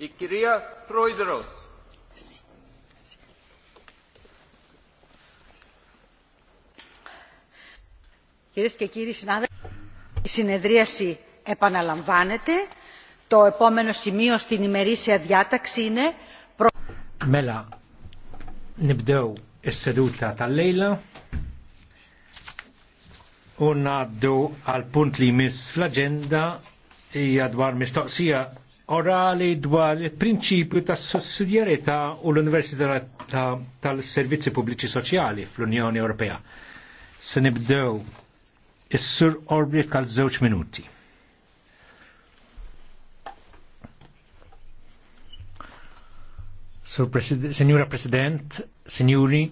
il Proideros. Κυρίες και κύριοι συνάδελφοι, η συνεδρίαση επαναλαμβάνεται. Το επόμενο σημείο στην ημερήσια διάταξη είναι... Προ... Μέλα, νιμπτέου is τα λέιλα. lejla u ngħaddu għal punt li jmiss fl-aġenda orali dwar il-prinċipju tas sussidjarità u l-Università tal-Servizzi Pubbliċi Soċjali fl-Unjoni Ewropea. Se nibdew is-Sur Orbit għal żewġ minuti. Sur President, Signora President, Signori,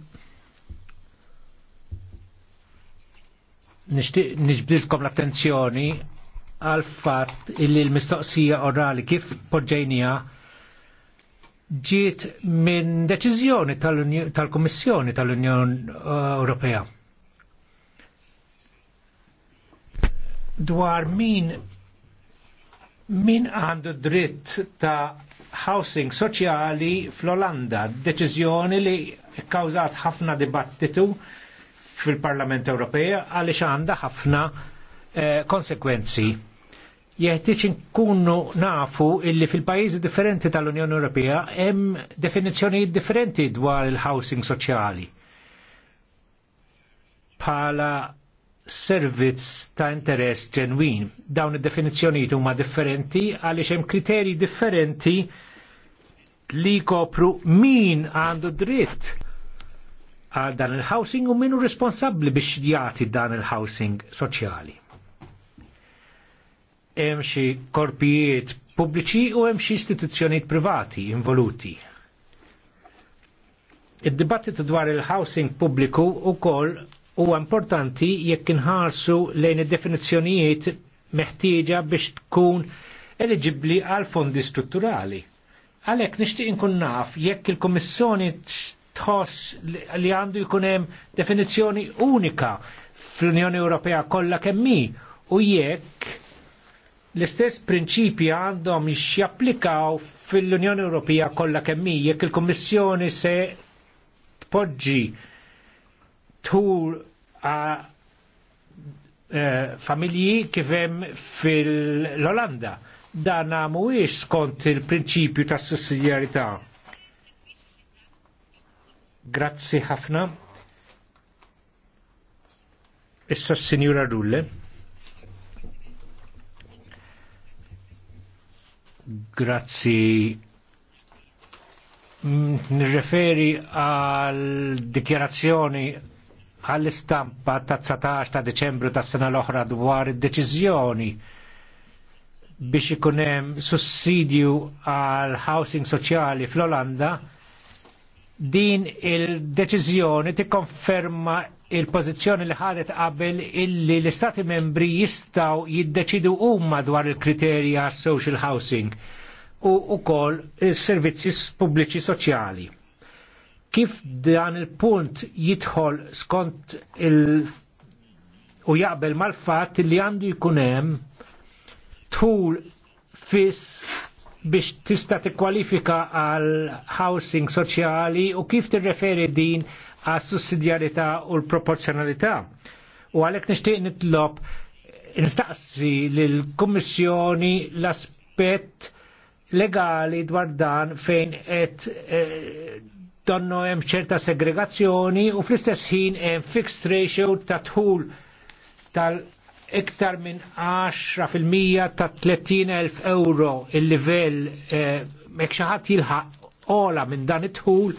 nixbdilkom l-attenzjoni għal fatt illi l-mistoqsija orali kif poġġejnija ġiet minn deċiżjoni tal-Kommissjoni tal tal-Unjoni uh, Ewropea. Dwar min min għandu dritt ta' housing soċjali fl-Olanda, deċiżjoni li kkawżat ħafna dibattitu fil-Parlament Ewropea għaliex għandha ħafna Eh, konsekwenzi. Jeħtieġ nkunu nafu illi fil-pajjiżi differenti tal-Unjoni Ewropea hemm definizzjonijiet differenti dwar il-housing soċjali. Bħala servizz ta' interess ġenwin. Dawn id-definizzjonijiet huma differenti għaliex hemm kriterji differenti li kopru min għandu dritt għal dan il-housing u minu responsabli biex jati dan il-housing soċjali hemm xi korpijiet pubbliċi u hemm xi istituzzjonijiet privati involuti. Id-dibattitu dwar il-housing pubbliku wkoll huwa importanti jekk inħarsu lejn id-definizzjonijiet meħtieġa biex tkun eligibbli għal fondi strutturali. Għalhekk nixtieq inkun naf jekk il-Kummissjoni tħoss li għandu jkun hemm definizzjoni unika fl-Unjoni Ewropea kollha kemm u jekk l-istess prinċipji għandhom japplikaw fil-Unjoni Ewropea kollha kemm jekk il-Kummissjoni se tpoġġi tur e, familji kif hemm fil-Olanda. Dan mhuwiex skont il-prinċipju tas sussidjarità. Grazzi ħafna. Issa s-Sinjura Rulle. Grazzi. Mm, nirreferi għal dikjerazzjoni għall-istampa ta' 19 ta' Deċembru ta' sena l-oħra dwar id deċizjoni biex ikun hemm sussidju għal housing soċjali fl-Olanda din il ti konferma il-pozizjoni li ħadet qabel illi l-istati membri jistaw jiddeċidu umma dwar il-kriterja social housing u kol il-servizzi pubbliċi soċjali. Kif dan il-punt jidħol skont il- u jaqbel mal-fat li għandu jkunem tħul fis biex tista tikkwalifika għal housing soċjali u kif tirreferi din għas sussidjarità u l-proporzjonalità. U għalhekk nixtieq nitlob nistaqsi lill-Kummissjoni l-aspett legali dwar dan fejn qed donno eh, donnu hemm ċerta segregazzjoni u fl-istess ħin hemm fixed ratio ta' tħul tal- iktar minn 10% ta' 30.000 euro il-livell eh, mek xaħat jilħaq ola minn dan it-tħul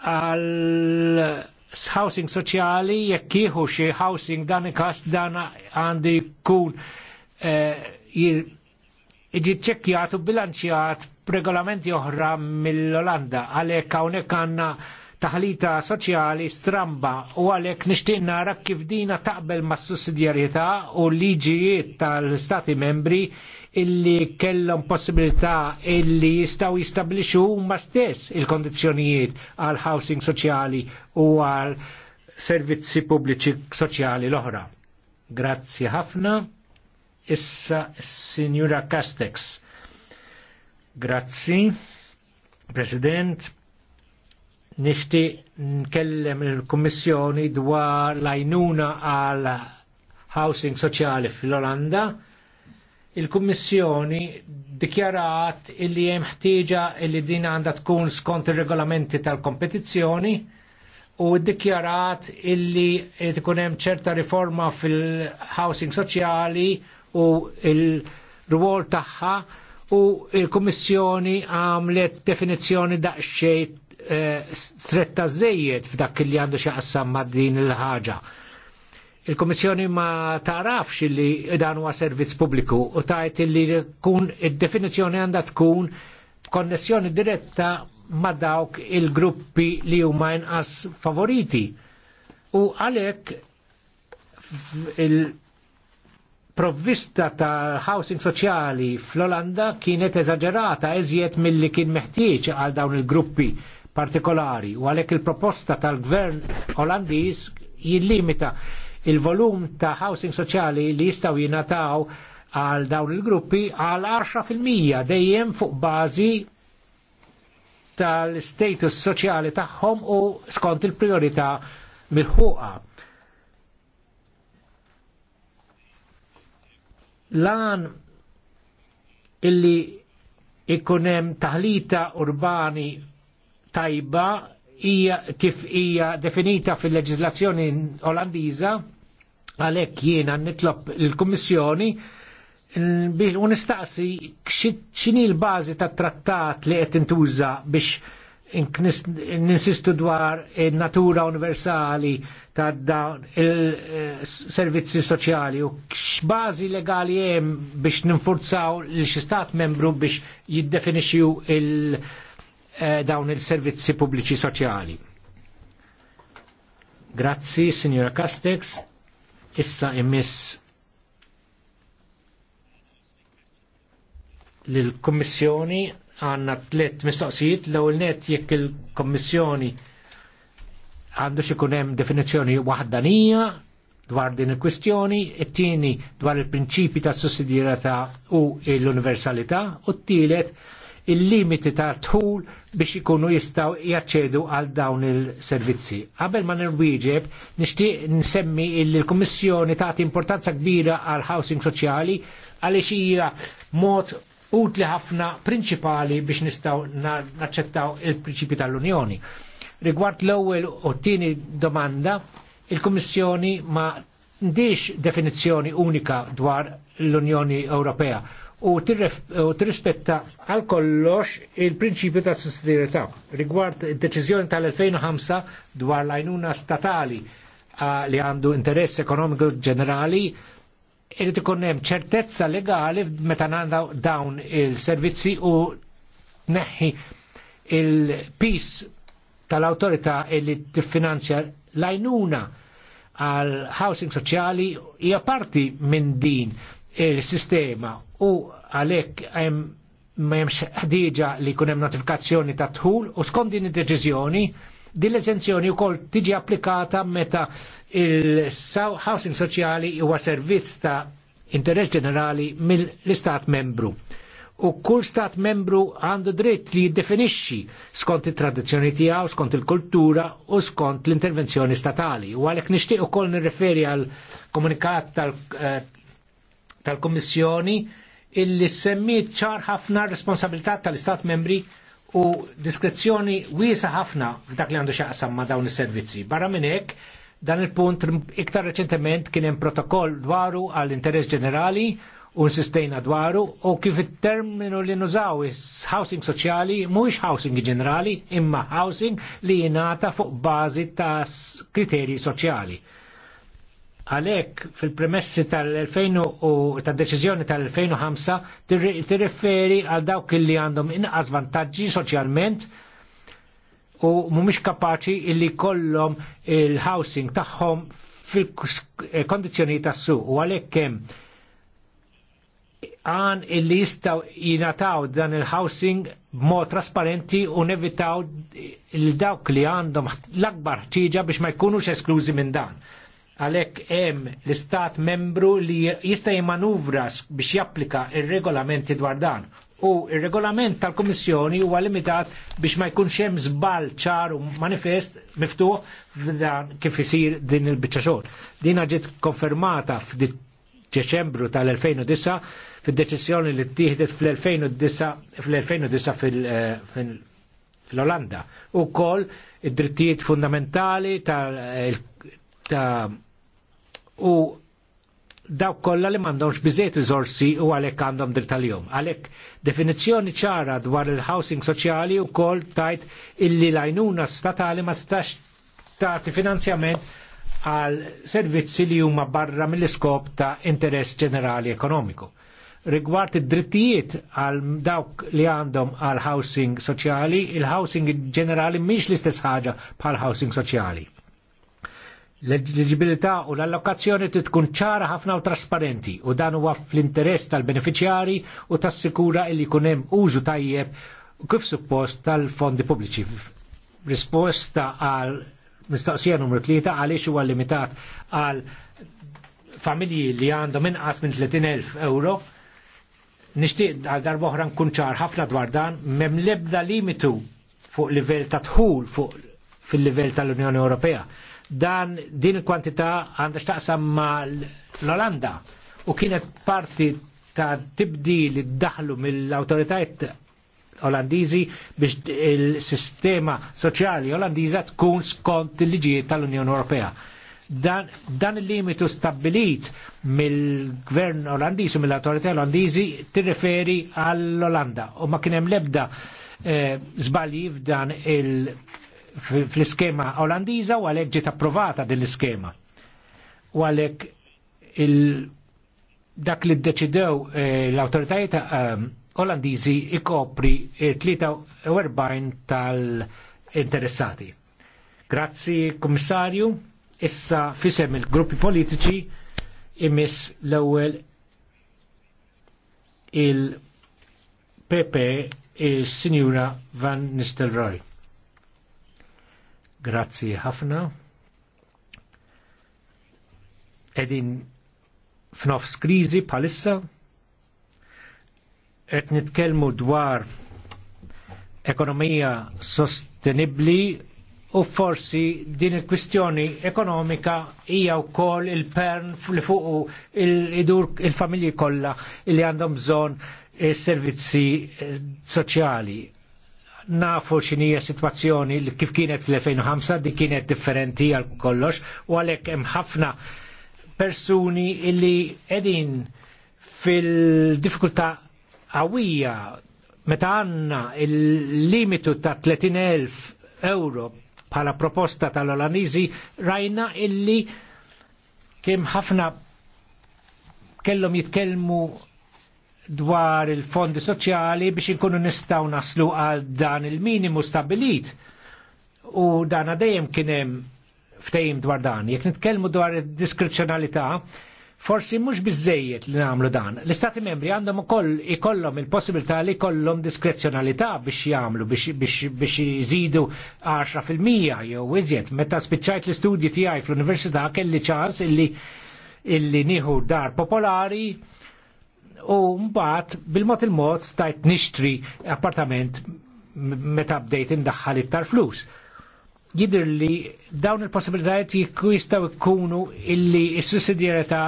għal housing soċjali jekk kieħu xi housing dan ikast dan għandi jkun eh, iġi ċekkjat u bilanċjat regolamenti oħra mill-Olanda għalhekk hawnhekk għandna taħlita soċjali stramba u għalhekk nixtieq nara kif dina taqbel mas sussidjarjetà u liġijiet tal stati membri illi kellhom possibilità illi jistgħu jistablixxu huma stess il-kondizzjonijiet għal housing soċjali u għal servizzi pubbliċi soċjali l-oħra. Grazzi ħafna. Issa Signora Castex. Grazzi, President. Nishti nkellem il-Kommissjoni dwar l-għajnuna għal housing soċjali fil-Olanda il-Kummissjoni dikjarat illi hemm ħtieġa illi din għandha tkun skont ir-regolamenti tal-kompetizzjoni u dikjarat illi tkun hemm ċerta riforma fil-housing soċjali u il-rwol tagħha u il-Kummissjoni għamlet definizzjoni daqsxejn eh, stretta żejjed f'dak li għandu xaqsam ma' din il-ħaġa. Il-Komissjoni ma tarafx li dan huwa servizz pubbliku u tajt li kun id-definizzjoni għandha tkun konnessjoni diretta ma' dawk il-gruppi li huma inqas favoriti. U għalhekk il-provvista ta' housing soċjali fl-Olanda kienet eżaġerata eżjed milli kien meħtieġ għal dawn il-gruppi partikolari u għalhekk il-proposta tal-gvern Olandiż jillimita il-volum ta' housing soċjali li jistaw jinataw għal dawn il-gruppi għal 10% dejjem fuq bażi tal-status soċjali tagħhom u skont il-priorità mill-ħuqa. Lan illi ikun hemm taħlita urbani tajba hija kif hija definita fil-leġiżlazzjoni Olandiża għalhekk jiena nitlob il-Kummissjoni eh, biex unistaqsi x'inhi l-bażi tat-trattat li qed intuża biex ninsistu dwar natura universali ta' dawn il-servizzi soċjali u x'bażi legali hemm biex ninfurzaw l xi stat membru biex jiddefinixxu il- Eh, dawn il-servizzi pubbliċi soċjali. Grazzi, Signora Castex. Issa immiss l-Kommissjoni għanna tlet mistoqsijiet l ewwel net jekk il-Kommissjoni għandu xikun hemm definizzjoni waħdanija dwar din il-kwistjoni, it-tieni dwar il-prinċipi ta' sussidjarjetà u l-universalità, u t-tielet il-limiti ta' tħul biex ikunu jistaw jaċċedu għal dawn il-servizzi. Qabel ma nirwieġeb, nixtieq nsemmi il-Kummissjoni tagħti importanza kbira għal housing soċjali għaliex hija mod utli ħafna prinċipali biex nistaw naċċettaw il-prinċipi tal-Unjoni. Rigward l-ewwel u t-tieni domanda, il-Kummissjoni ma ndiex definizzjoni unika dwar l-Unjoni Ewropea u tirrispetta għal kollox il-prinċipju ta' sussidjarjetà rigward id-deċiżjoni tal-2005 dwar l-għajnuna statali li għandu interess ekonomiku ġenerali irrid ikun hemm ċertezza legali meta għandaw dawn il-servizzi u neħħi il-pis tal-autorità li tiffinanzja l-għajnuna għal housing soċjali hija parti minn din il-sistema u għalhekk hemm ma jemx ħdiġa li kunem notifikazzjoni ta' tħul u skont din id-deċiżjoni din l u wkoll tiġi applikata meta il-housing soċjali huwa servizz ta' interess ġenerali mill-istat membru. U kull stat membru għandu dritt li jiddefinixxi skont it-tradizzjoni tiegħu, skont il-kultura u skont l-intervenzjoni statali. U għalhekk nixtieq ukoll nirreferi għal komunikat tal eh, tal-Kommissjoni illi semmiet ċar ħafna responsabilità tal-Istat membri u diskrezzjoni wiesa ħafna f'dak li għandu xaqsam ma' dawn is-servizzi. Barra minn hekk, dan il-punt iktar reċentement kien hemm protokoll dwaru għall interess ġenerali u l-sistejna dwaru u kif it-terminu li nużaw is-housing soċjali mhuwiex housing ġenerali imma housing li jingħata fuq bażi ta' kriterji soċjali Għalek, fil-premessi tal-2000 ta' deċizjoni tal-2005 tirreferi għal dawk li għandhom inqas vantaġġi soċjalment u mhumiex kapaċi illi kollom il-housing tagħhom fil-kondizzjoni tas-suq u għalhekk kem għan illi jistaw jinataw dan il-housing b'mod trasparenti u nevitaw il-dawk li għandhom l-akbar ċiġa biex ma jkunux esklużi minn dan għalhekk hemm l-istat membru li jista' jimmanuvra biex japplika il regolamenti dwar dan. U il regolament tal-Kummissjoni huwa limitat biex ma jkunx hemm żball ċar u manifest miftuħ f'dan kif isir din il-biċċa xogħol. Din ġiet konfermata f'Deċembru tal-2009 fid-deċiżjoni li ttieħdet fl-2009 fl-2009 fil- eh, fl-Olanda. U kol id-drittijiet fundamentali tal- ta u daw kollha li m'għandhomx biżejt riżorsi u għalhekk għandhom dritt tal-jum. Għalhekk definizzjoni ċara dwar il-housing soċjali wkoll tajt illi l-għajnuna statali ma stax tagħti finanzjament għal servizzi li huma barra mill-iskop ta' interess ġenerali ekonomiku. Rigward id-drittijiet għal dawk li għandhom għal housing soċjali, il-housing ġenerali mhix l-istess ħaġa bħal housing soċjali l-eligibilità u l-allokazzjoni tkun ċara ħafna u trasparenti u dan huwa fl-interess tal-beneficjari u tassikura li jkun hemm użu tajjeb kif suppost tal-fondi pubbliċi. Risposta għal mistoqsija numru 3 għaliex huwa limitat għal familji li għandhom inqas minn 30.000 euro nixtieq għal darba oħra nkun ċar ħafna dwar dan m'hemm l-ebda limitu fuq livell ta' dħul fuq fil-livell tal-Unjoni Ewropea dan din il-kwantità għandha xtaqsam ma l-Olanda u kienet parti ta' tibdil li daħlu mill-autoritajiet Olandiżi biex il-sistema soċjali Olandiża tkun skont il-liġijiet tal-Unjoni Ewropea. Dan, dan il-limitu stabilit mill-gvern Olandiż u mill-autorità Olandiżi tirreferi għall-Olanda u ma kien hemm lebda eh, zbalji f'dan il- fl-iskema Olandiża u għalhekk ġiet approvata din l-iskema. U għalhekk il dak li ddeċidew eh, l-awtoritajiet ehm, Olandiżi ikopri 43 tal-interessati. Grazzi, Kummissarju. Issa fisem il-gruppi politiċi imis l-ewwel il-PP il sinjura Van Nistelrooy. Grazzi ħafna. Edin f'nofs krizi palissa. Et nitkelmu dwar ekonomija sostenibli u forsi din il-kwistjoni ekonomika hija wkoll il-pern li fuq il-idur il-familji kollha li għandhom bżonn is-servizzi eh, eh, soċjali nafu x'inhija sitwazzjoni li kif kienet fl-2005 di kienet differenti għal kollox u għalhekk hemm ħafna persuni illi qegħdin fil-diffikultà qawwija meta għandna il-limitu ta' 30.000 euro bħala proposta tal-Olanizi rajna illi kemm ħafna kellhom jitkellmu dwar il-fondi soċjali biex inkunu nistaw naslu għal dan il-minimu stabilit. U dan għadajem kienem ftejim dwar dan. Jek nitkellmu dwar diskrezzjonalità, forsi mhux bizzejiet li nagħmlu dan. L-Istati membri għandhom ukoll ikollom il-possibilità li jkollhom diskrezzjonalità biex jagħmlu biex jizidu 10% jew iżjed. Meta spiċċajt l-istudji tijaj fl-università kelli ċans illi illi nieħu dar popolari u mbagħad bil-mod il-mod stajt nixtri appartament meta bdejt indaħħal iktar flus. Jidir li dawn il-possibilitajiet jistgħu ikkunu illi s-sussidjarjetà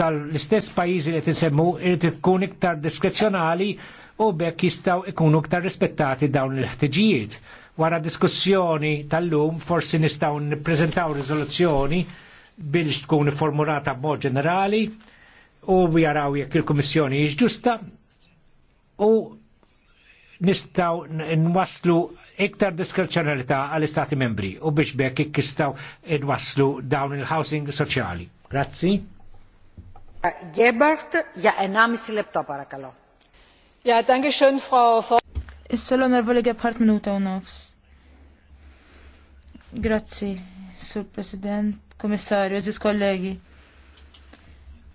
tal-istess pajjiżi li tinsemmu irid tkun iktar diskrezzjonali u bekk jistgħu ikunu iktar rispettati dawn il-ħtiġijiet. Wara diskussjoni tal-lum forsi nistgħu nippreżentaw rizoluzzjoni biex tkun formulata b'mod ġenerali u jaraw jekk il-Kummissjoni ġusta u nistaw nwaslu iktar diskrezzjonalità għall-Istati membri u biex bekk ikkistaw nwaslu dawn il-housing soċjali. Grazzi. Gebert, ja enamis lepto parakalo. Ja, danke schön, Frau Is-solo nervoli għabħart minuta u nofs. Grazzi, Sur President, Komissarju, Aziz kollegi.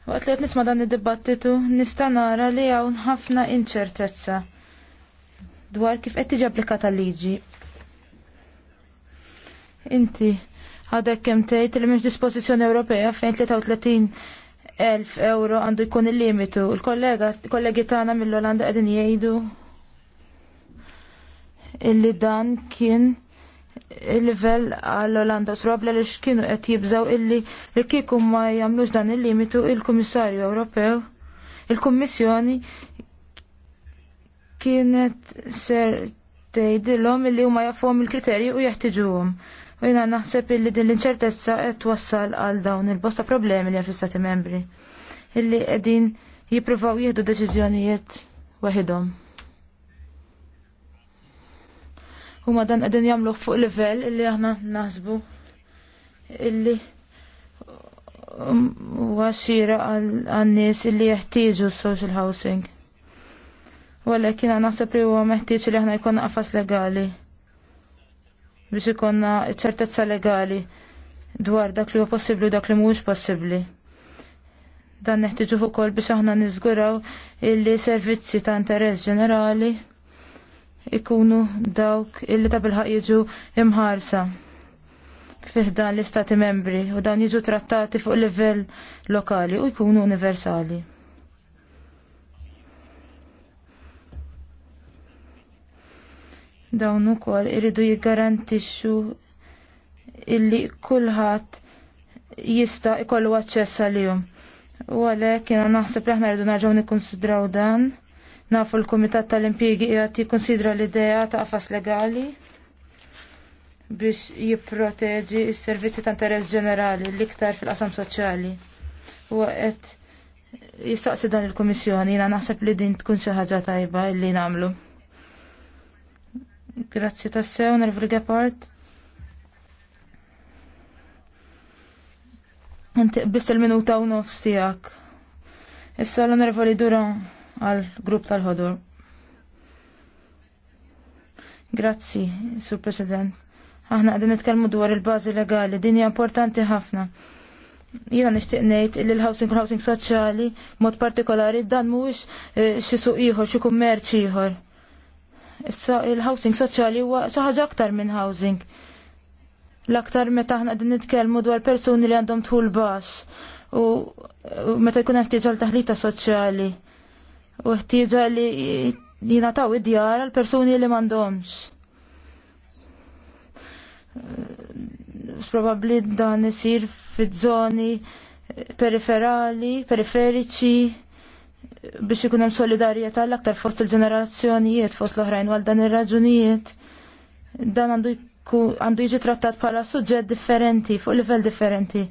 Waqt li qed nisma' dan id-dibattitu nista' nara li hawn ħafna inċertezza dwar kif qed tiġi applikata liġi. Inti għadek kemm tgħid li mhix dispożizzjoni Ewropea fejn 33 elf euro għandu jkun il-limitu. Il-kollega, kollegi tagħna mill-Olanda qegħdin jgħidu illi dan kien il-level għall-Olanda srobla li xkienu qed jibżaw illi li kieku ma jagħmlux dan il-limitu il-Kummissarju Ewropew il-Kummissjoni kienet ser tgħidilhom illi huma jafhom il-kriterji u jeħtiġuhom. U jiena naħseb illi din l-inċertezza qed twassal għal dawn il-bosta problemi li hemm fl-Stati membri illi qegħdin jippruvaw jieħdu deċiżjonijiet waħidhom. huma dan qegħdin jagħmluh fuq livell illi aħna naħsbu illi huwa għannis nies illi jeħtieġu s-social housing. Walla kiena naħseb li huwa meħtieġ li aħna jkollna qafas legali biex ikonna ċertezza legali dwar dak li huwa possibbli u dak li mhuwiex possibbli dan neħtiġu ukoll biex aħna niżguraw illi servizzi ta' interess ġenerali ikunu dawk illi ta' bilħaq jiġu imħarsa fiħda l-istati membri u dawn jiġu trattati fuq livell lokali u jkunu universali. Dawn ukoll iridu jiggarantixxu illi kulħadd jista' jkollu aċċess għalihom. U għalhekk jiena naħseb li aħna rridu nerġgħu nikkunsidraw dan Nafu l-Kumitat tal-Impjegi qiegħed jikkonsidra l-idea ta' qafas legali biex jipproteġi s-servizzi ta' interess ġenerali l-iktar fil-qasam soċjali. U qed jistaqsi dan il-Kummissjoni jiena naħseb li din tkun xi ħaġa tajba li nagħmlu. Grazzi tassew, Nervil Gepard. Inti biss il-minuta u nofs tiegħek. Issa l-onorevoli Duran għal grupp tal-ħodur. Grazzi, Sur President. Aħna qegħdin nitkellmu dwar il-bażi legali, din hija importanti ħafna. Jiena nixtieq ngħid li l-housing housing soċjali mod partikolari dan mhuwiex eh, xi suq ieħor, xi kummerċ ieħor. Issa il-housing soċjali huwa xi ħaġa aktar minn housing. L-aktar meta aħna qegħdin nitkellmu dwar persuni li għandhom tħul baxx u meta jkun hemm ħtieġ taħlita soċjali u ħtieġa li jingħataw id-djar għal persuni li m'għandhomx. Eh, probabli dan isir fit żoni periferali, periferiċi biex ikun hemm solidarjetà l-aktar fost il-ġenerazzjonijiet fost l-oħrajn għal dan ir-raġunijiet dan għandu jiġi trattat bħala suġġett differenti, fuq livell differenti.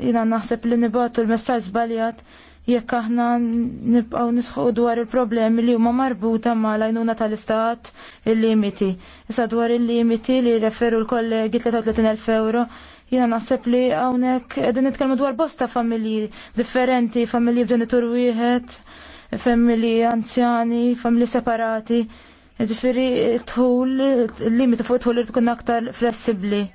Jina naħseb li nibatu l-messaġġ baljat jekk aħna nibqgħu nisħu dwar il-problemi li huma marbuta ma' lajnuna tal-istat il-limiti. Issa dwar il-limiti li referu l-kollegi 33.000 euro, jiena naħseb li hawnhekk qegħdin nitkellmu dwar bosta familji differenti, familji f'ġenitur wieħed, familji anzjani, familji separati. Ġifieri tħul, il-limiti fuq tħul li tkun aktar flessibbli.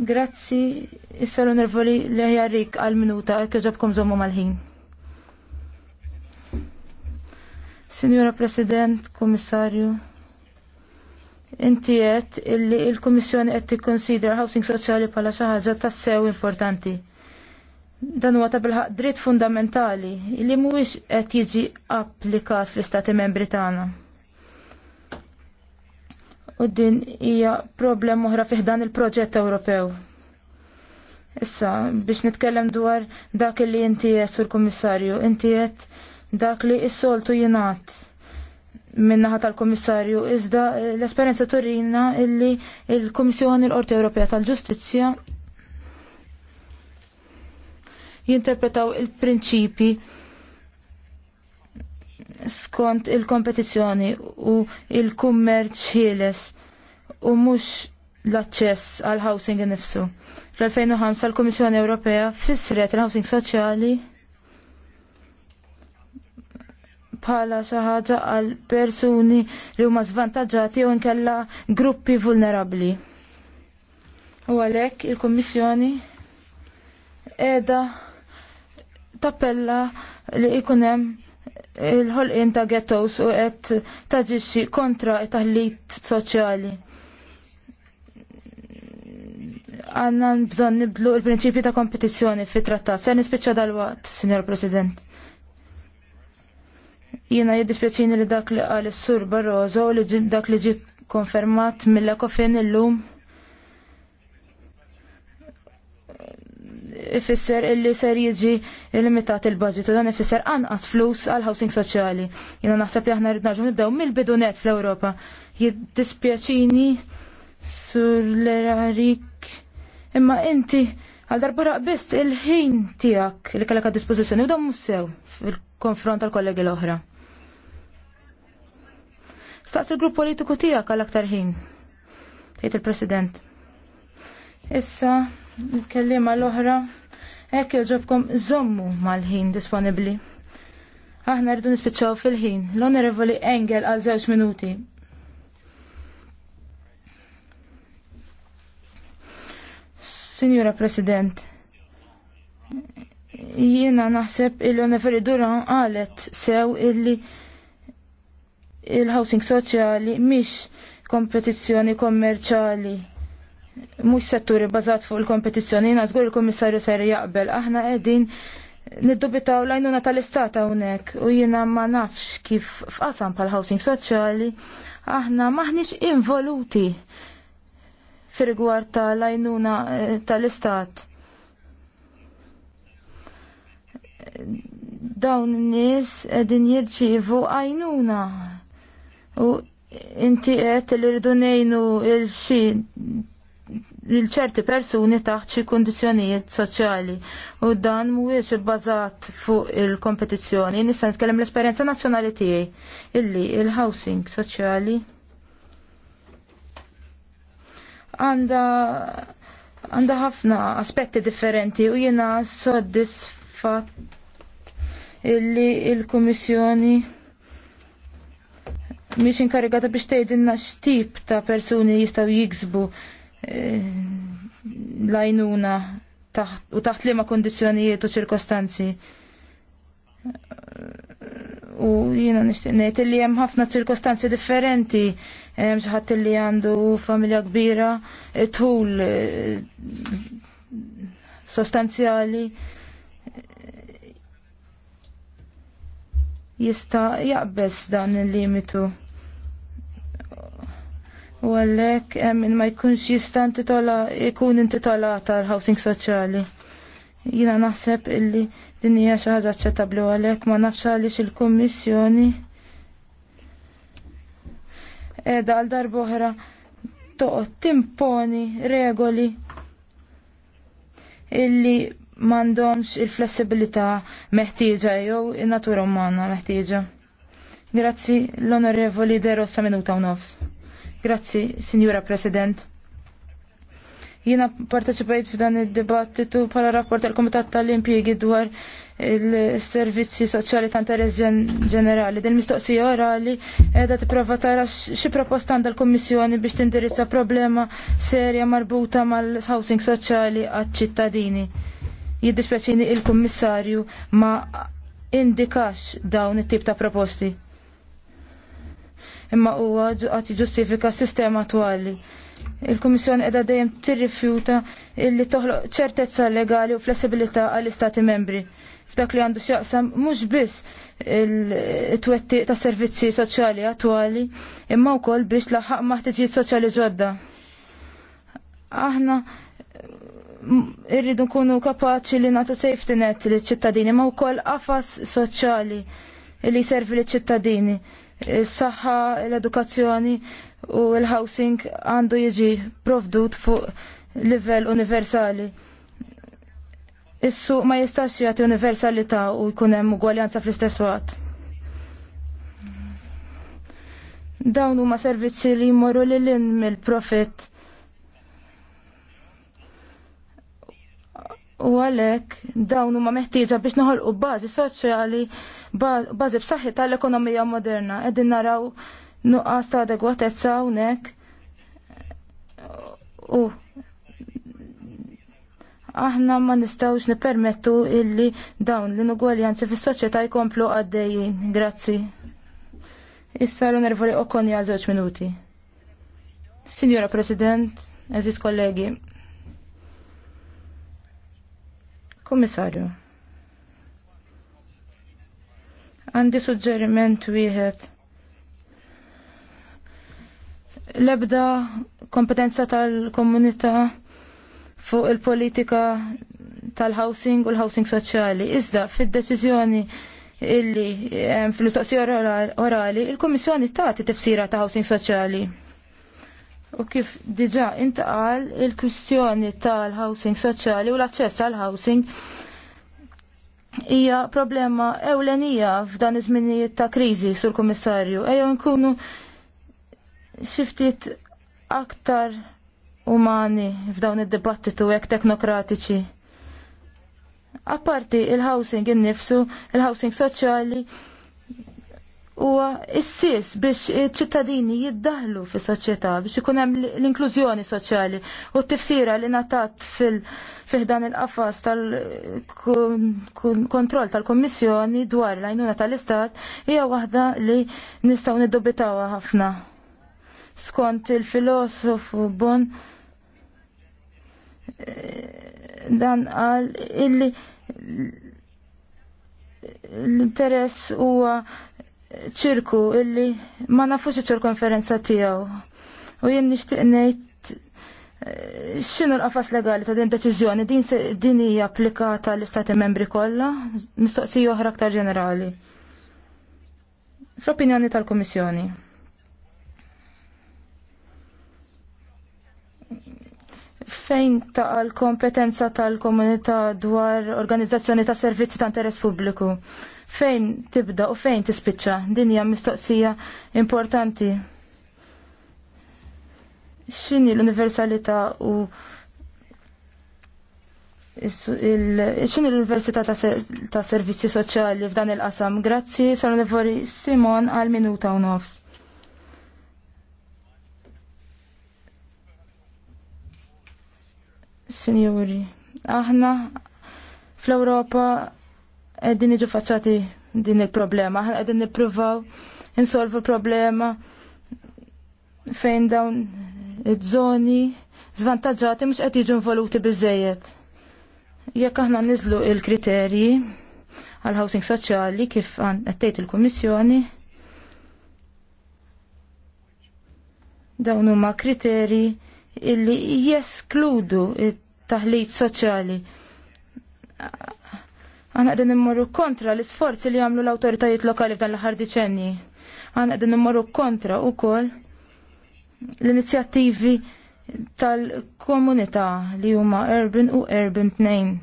Grazzi, issa l-onorvoli leħjarik għal-minuta, kħeġobkom zommu mal-ħin. Signora President, Komissarju, inti qed illi il-Kummissjoni qed tikkonsidra housing soċjali bħala xi ħaġa tassew importanti. Dan huwa ta' bilħaq dritt fundamentali li mhuwiex qed jiġi applikat fl-Istati Membri tagħna u din hija problem oħra fiħdan il-proġett Ewropew. Issa, biex nitkellem dwar dak li inti sur kummissarju, inti dak li s-soltu jingħat minnaħa tal-Komissarju iżda l-esperjenza turina illi il-Komissjoni l-Qorti Ewropea tal-Ġustizzja jinterpretaw il-prinċipi skont il-kompetizzjoni u il-kummerċ ħieles u mhux l-aċċess għal housing nifsu. Fl-2005 l-Kummissjoni Ewropea fissret il-housing soċjali bħala xaħġa ħaġa għal persuni li huma żvantaġġati jew nkella gruppi vulnerabbli. U għalhekk il-Kummissjoni qiegħda tappella li jkun hemm il-ħolqien ta' ghettos u qed taġixxi kontra t taħlit soċjali. Għanna bżon nibdlu il-prinċipju ta' kompetizzjoni fi trattat. Se nispiċċa dal-waqt, Signor President. Jiena jiddispjaċini li dak li qal is-Sur Barroso li dak li ġi konfermat mill-ekofin illum. ifisser illi ser jiġi limitat il-budget u dan ifisser anqas flus għal housing soċjali. Jiena naħseb li aħna rrid naġu nibdew mill-bidu net fl-Ewropa. Jiddispjaċini sur l erarik Imma inti għal darba raqbist il-ħin tiegħek li kellek għad dispożizzjoni u dan mussew fil-konfront tal-kollegi l-oħra. Staqs il-grupp politiku tiegħek għal aktar ħin. Tgħid il-President. Issa, il-kellima l-oħra, Ekk joġobkom zommu mal-ħin disponibli. Aħna rridu nispiċċaw fil-ħin. L-Onorevoli Engel għal żewġ minuti. Signora President, jiena naħseb il-Onorevoli Duran għalet sew illi il-housing soċjali mhix kompetizzjoni kommerċali mhux setturi bbażat fuq il-kompetizzjoni, jiena żgur il komissarju ser jaqbel. Aħna qegħdin niddubitaw l-għajnuna tal-istat hawnhekk u jiena ma nafx kif f'qasam pal housing soċjali aħna maħniex involuti fir-rigward tal-għajnuna eh, tal-istat. Dawn n-nies qegħdin jirċievu għajnuna u inti qed li rridu ngħinu il xi l ċerti persuni taħt xi kundizzjonijiet soċjali u dan mhuwiex ibbażat fuq il-kompetizzjoni. Nista' nitkellem l-esperjenza nazzjonali tiegħi illi il-housing soċjali għandha għandha ħafna aspetti differenti u jiena soddisfat illi il-Kummissjoni miex inkarigata biex tgħidilna x'tip ta' persuni jistgħu jiksbu Eh, lajnuna u taħt liema kundizzjonijiet u ċirkostanzi. U jiena nixtieq ngħid li hemm ħafna ċirkostanzi differenti, hemm xi ħadd li għandu familja kbira, eh, tħul eh, sostanzjali. jista' jaqbess dan il-limitu u għallek min ma jkunx jista intitola, jkun intitolata l-housing soċjali. Jina naħseb illi din hija xi ħaġa aċċettabbli għalhekk ma nafx għaliex il-kummissjoni qiegħda għal darb'oħra toqgħod timponi regoli illi m'għandhomx il-flessibilità meħtieġa jew in-natura umana meħtieġa. Grazzi l-Onorevoli Derossa minuta u nofs. Grazzi, Signora President. Jiena parteċipajt f'dan id-dibattitu bħala rapport tal-Komitat tal impjiegi dwar il-servizzi soċjali ta' interess ġenerali. Din mistoqsija orali edha tipprova tara xi proposta għandha l-Kummissjoni biex tindirizza problema serja marbuta mal-housing soċjali għaċ-ċittadini. Jiddispjaċini il-Kummissarju ma indikax dawn it-tip ta' proposti imma huwa għad ġustifika s-sistema attwali. Il-Kummissjoni qiegħda dejjem tirrifjuta illi toħloq ċertezza legali u flessibilità għall-Istati membri. F'dak li għandu x'jaqsam mhux biss il-twettiq ta' servizzi soċjali attwali imma wkoll biex laħaq maħtiġijiet soċjali ġodda. Aħna irridu nkunu kapaċi li nagħtu safety net liċ ċittadini ma wkoll qafas soċjali li servi liċ ċittadini is-saħħa, l-edukazzjoni u l-housing għandu jiġi provdut fuq livell universali. Issu ma jistax jagħti universalità u jkun hemm ugwaljanza fl-istess waqt. Dawn huma servizzi li jmorru lil mill-profit. U għalhekk dawn huma meħtieġa biex noħolqu bażi soċjali bażi b'saħħi tal-ekonomija moderna. Qegħdin naraw nuqqas ta' adegwatezza hawnhekk. U aħna ma nistawx nippermettu illi dawn l-inugwaljanzi fis-soċjetà jkomplu għaddejjin. Grazzi. Issa l-onervoli okoni għal żewġ minuti. Signora President, eżis kollegi. Kommissarju. Għandi suġġeriment wieħed. L-ebda kompetenza tal-komunità fuq il-politika tal-housing u l-housing soċjali. Iżda fid-deċiżjoni illi fil-istoqsija orali, il kummissjoni tagħti tifsira ta' housing soċjali. U kif diġa intqal il-kwistjoni tal-housing soċjali u l-aċċess għal-housing hija problema ewlenija f'dan iż-żminijiet ta' kriżi sur kummissarju. Ejja nkunu xiftit aktar umani f'dawn id-dibattitu hekk teknokratiċi. Apparti il-housing innifsu, il-housing soċjali, huwa issis biex ċittadini jiddaħlu fis soċjetà biex ikun hemm l-inklużjoni soċjali u t-tifsira li natat fil fiħdan il-qafas tal-kontroll tal-Kommissjoni dwar l-għajnuna tal-Istat hija waħda li nistgħu niddubitawha ħafna. Skont il-filosofu Bon dan qal illi l-interess huwa ċirku illi ma nafux ċirkonferenza tiegħu. U jien nixtieq ngħid eh, x'inhu l-qafas legali ta' din deċiżjoni din dini hija applikata l-istati membri kollha, mistoqsija oħra aktar ġenerali. Fl-opinjoni tal-Kummissjoni. fejn taqal l-kompetenza tal-komunità dwar organizzazzjoni ta' servizzi ta' interess pubbliku? Fejn tibda u fejn tispiċċa? Din hija mistoqsija importanti. X'inhi l-universalità u ċin l-Università ta' Servizzi Soċjali f'dan il-qasam? Grazzi, sal Simon għal minuta u nofs. Sinjuri, aħna fl-Ewropa qegħdin iġu facċati din il-problema, aħna qegħdin nippruvaw insolvu problema fejn dawn iż-żoni zvantagġati mhux qed jiġu involuti biżejjed. Jekk aħna niżlu il-kriterji għal housing soċjali kif għattejt il-Kummissjoni, dawn huma kriterji illi jeskludu it-taħlit soċjali. Għana għedin immorru kontra l-isforzi li għamlu l-autoritajiet lokali f'dan l-ħar diċenni. Għana għedin immorru kontra u koll l-inizjattivi tal-komunità li huma Urban u Urban 2.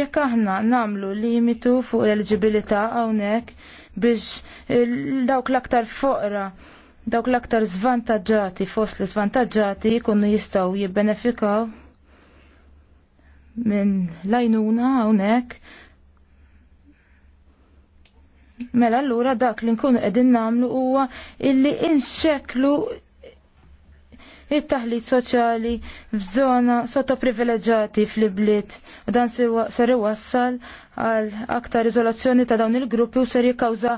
jekk aħna namlu limitu fuq l-eligibilità hawnhekk biex dawk l-aktar foqra Dawk l-aktar zvantagġati fost l zvantagġati jkunu jistaw jibbenefikaw minn lajnuna hawnhekk Mela allura dak li nkunu qegħdin nagħmlu huwa illi inxeklu it-taħlit soċjali f'żona sottoprivileġġjati fl-ibliet u dan ser iwassal għal aktar iżolazzjoni ta' dawn il-gruppi u ser jikkawża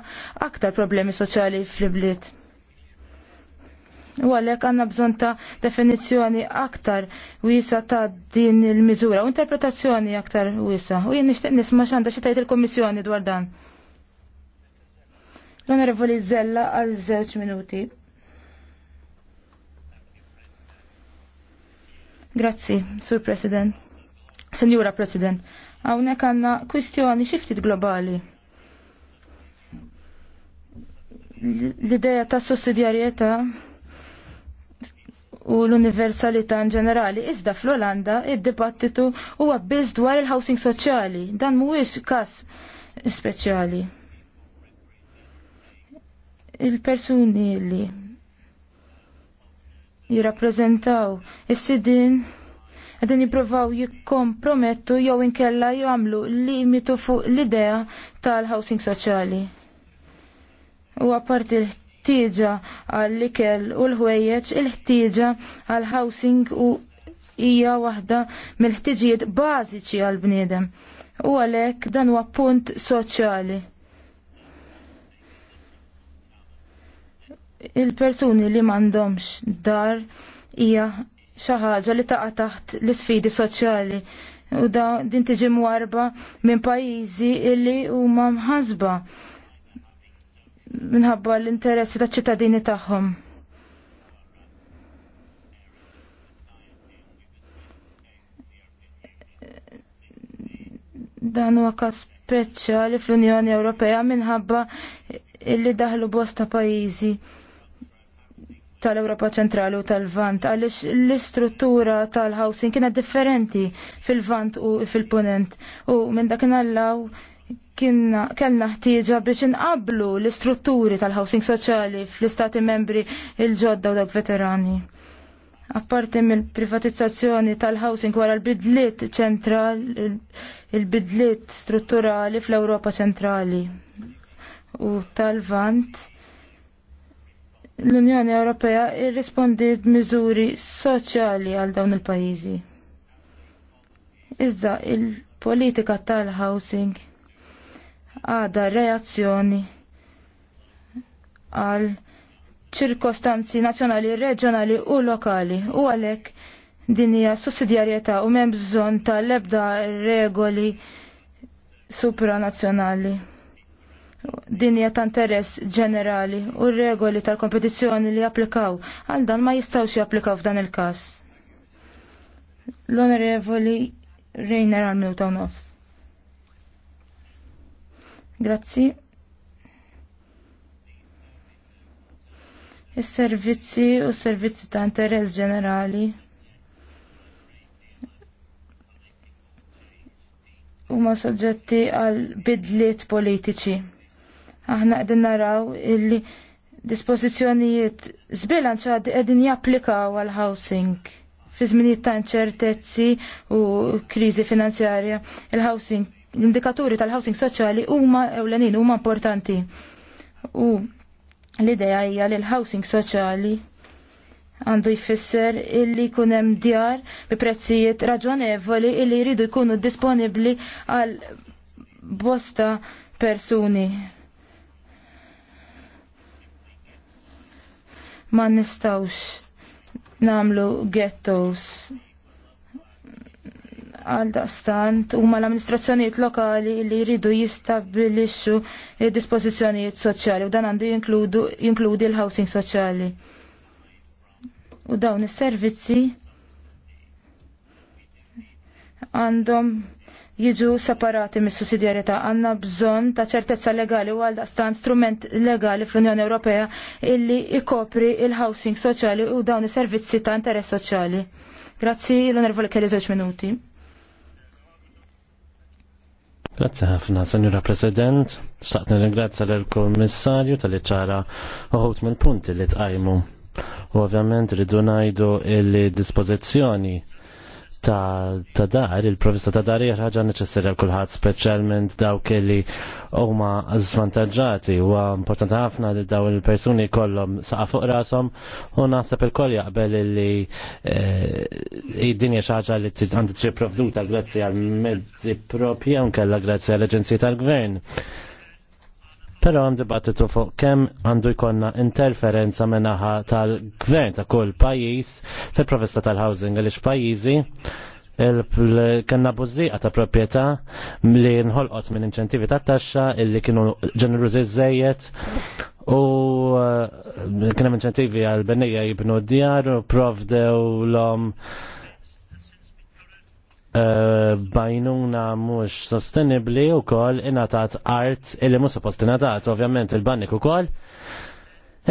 aktar problemi soċjali fl-ibliet. U għalhekk għandna bżonn ta' definizzjoni aktar wiesa ta' din il-miżura u interpretazzjoni aktar wisa. U jien nixtieq nisma' xanda xi tgħid il komissjoni dwar dan. L-Onorevoli Zella għal żewġ minuti. Grazzi, Sur President. Senjura President, hawnhekk għandna kwistjoni xi ftit globali. L-ideja ta' sussidjarjetà u l-universalità in ġenerali. Iżda fl-Olanda id-dibattitu huwa biss dwar il-housing soċjali. Dan mhuwiex każ speċjali. Il-persuni li jirrappreżentaw is-sidin għedin jiprovaw jikkompromettu jew inkella jgħamlu limitu fuq l-idea tal-housing soċjali. U għaparti il-ħtieġa għall-ikel u l-ħwejjeġ, il-ħtieġa għall-housing u hija waħda mill-ħtiġijiet bażiċi għall-bniedem. U għalhekk dan huwa punt soċjali. Il-persuni li m'għandhomx dar hija xi ħaġa li taqa' taħt l-isfidi soċjali u da din tiġi mwarba minn pajjiżi li huma mħasba minħabba l-interessi ta' ċittadini tagħhom. Dan huwa każ speċjali fl-Unjoni Ewropea minħabba illi daħlu bosta pajjiżi tal-Ewropa ċentrali u tal-Vant għaliex l-istruttura tal-housing kienet differenti fil-Vant u fil-Punent u minn dakinhallaw kellna ħtieġa biex inqablu l-istrutturi tal-housing soċjali fl-istati membri il-ġodda u dak veterani. Apparti mill-privatizzazzjoni tal-housing wara l-bidliet ċentral, il-bidliet strutturali fl-Ewropa ċentrali u tal-vant, l-Unjoni Ewropea irrispondiet miżuri soċjali għal dawn il-pajjiżi. Iżda il-politika tal-housing għada reazzjoni għal ċirkostanzi nazzjonali, reġjonali u lokali u għalhekk din hija sussidjarjetà u m'hemm bżonn tal-ebda regoli supranazzjonali. Din hija ta' interess ġenerali u regoli tal-kompetizzjoni li applikaw għal dan ma jistgħux japplikaw f'dan il-każ. L-Onorevoli Rejner għal-Minuta Nofs. Grazzi. Is-servizzi u s-servizzi ta' interess ġenerali huma soġġetti għal bidliet politiċi. Aħna qegħdin naraw illi dispożizzjonijiet zbilanċati qegħdin japplikaw għal housing fi żminijiet ta' inċertezzi u kriżi finanzjarja. Il-housing l-indikaturi tal-housing soċjali huma ewlenin huma importanti. U l-idea hija li l-housing soċjali għandu jfisser illi jkun hemm djar bi prezzijiet raġonevoli illi jridu jkunu disponibbli għal bosta persuni. Ma nistawx namlu ghettos għal daqstant huma l amministrazzjoniet lokali li jridu jistabilixxu dispożizzjonijiet soċjali u dan għandu jinkludi l-housing soċjali. U dawn is-servizzi għandhom jiġu separati mis sussidjarjetà għandna bżonn ta' ċertezza legali u għal daqstan strument legali fl-Unjoni Ewropea illi ikopri il-housing soċjali u dawn is-servizzi ta' interess soċjali. Grazzi l-onorevoli kelli żewġ minuti. Grazie ħafna, Senjura President. Xtaqt nirringrazzja l-Kommissarju tal-ċara uħut mill-punti li tqajmu. U ovvjament rridu ngħidu il-dispożizzjoni ta' ta' dar, il provvista ta' dar hija ħaġa neċessarja kulħadd speċjalment dawk li huma żvantaġġati huwa importanti ħafna li daw il-persuni kollhom saqa' fuq rashom u naħseb il-koll jaqbel li eh, id-dinja xi ħaġa li għandha tiġi provduta grazzi għal mezzi propri u kellha grazzi għall-Aġenzija tal-Gvern. Pero għam dibattitu fuq kem għandu jkonna interferenza menaħa tal-gvern ta' kull pajis fil-provesta tal-housing għalix pajizi kanna buzziqa ta' propieta li nħolqot minn inċentivi ta' taxxa illi kienu ġenerużi zzejiet u eh, kienem inċentivi għal-benija jibnu d-djar u provdew l-om Eh, bajnuna mhux sostenibbli wkoll ingħatat art illi mhux suppost ingħatat, ovvjament il-bannik ukoll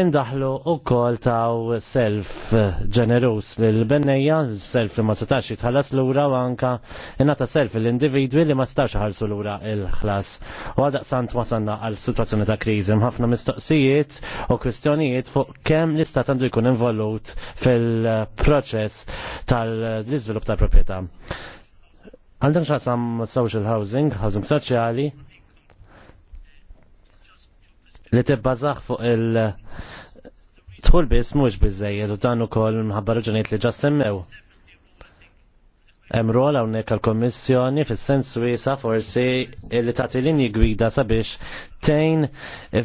indaħlu wkoll taw self ġenerus l bennejja self li ma setax jitħallas lura u anka ingħata self l-individwi li ma setax ħarsu lura il-ħlas. U għadaq sant sanna għal situazzjoni ta' kriżi m'ħafna mistoqsijiet u kwistjonijiet fuq kemm l-istat għandu jkun involut fil-proċess tal-iżvilupp tal-proprjetà. Għandhom xasam social housing, housing soċjali, li tibbażax fuq il- Tħul biss mhux biżejjed u dan ukoll minħabba raġunijiet li ġas semmew hemm rol hawnhekk għall-Kommissjoni fis-sens wiesa forsi li tagħti linji gwida sabiex tejn